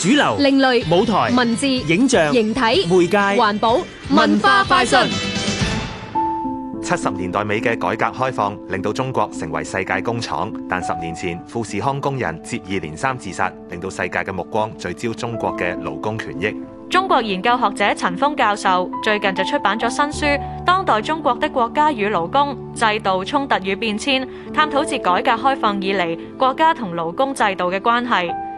主流、另類、舞台、文字、影像、形體、媒介、環保、文化快訊。七十年代尾嘅改革開放令到中國成為世界工廠，但十年前富士康工人接二連三自殺，令到世界嘅目光聚焦中國嘅勞工權益。中國研究學者陳峰教授最近就出版咗新書《當代中國的國家與勞工：制度衝突與變遷》，探討自改革開放以嚟國家同勞工制度嘅關係。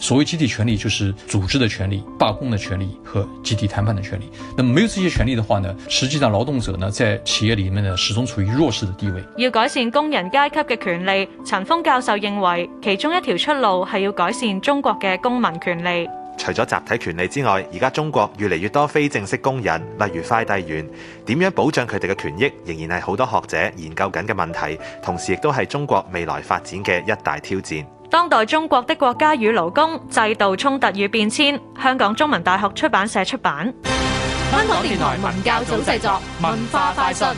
所謂集體權利就是組織的權利、罷工的權利和集體談判的權利。那麼沒有這些權利的話呢，實際上，勞動者呢在企業裏面呢始終處於弱勢的地位。要改善工人階級嘅權利，陳峰教授認為其中一條出路係要改善中國嘅公民權利。除咗集體權利之外，而家中國越嚟越多非正式工人，例如快遞員，點樣保障佢哋嘅權益，仍然係好多學者研究緊嘅問題，同時亦都係中國未來發展嘅一大挑戰。當代中國的國家與勞工制度衝突與變遷，香港中文大學出版社出版。香港電台文教組製作文化快訊。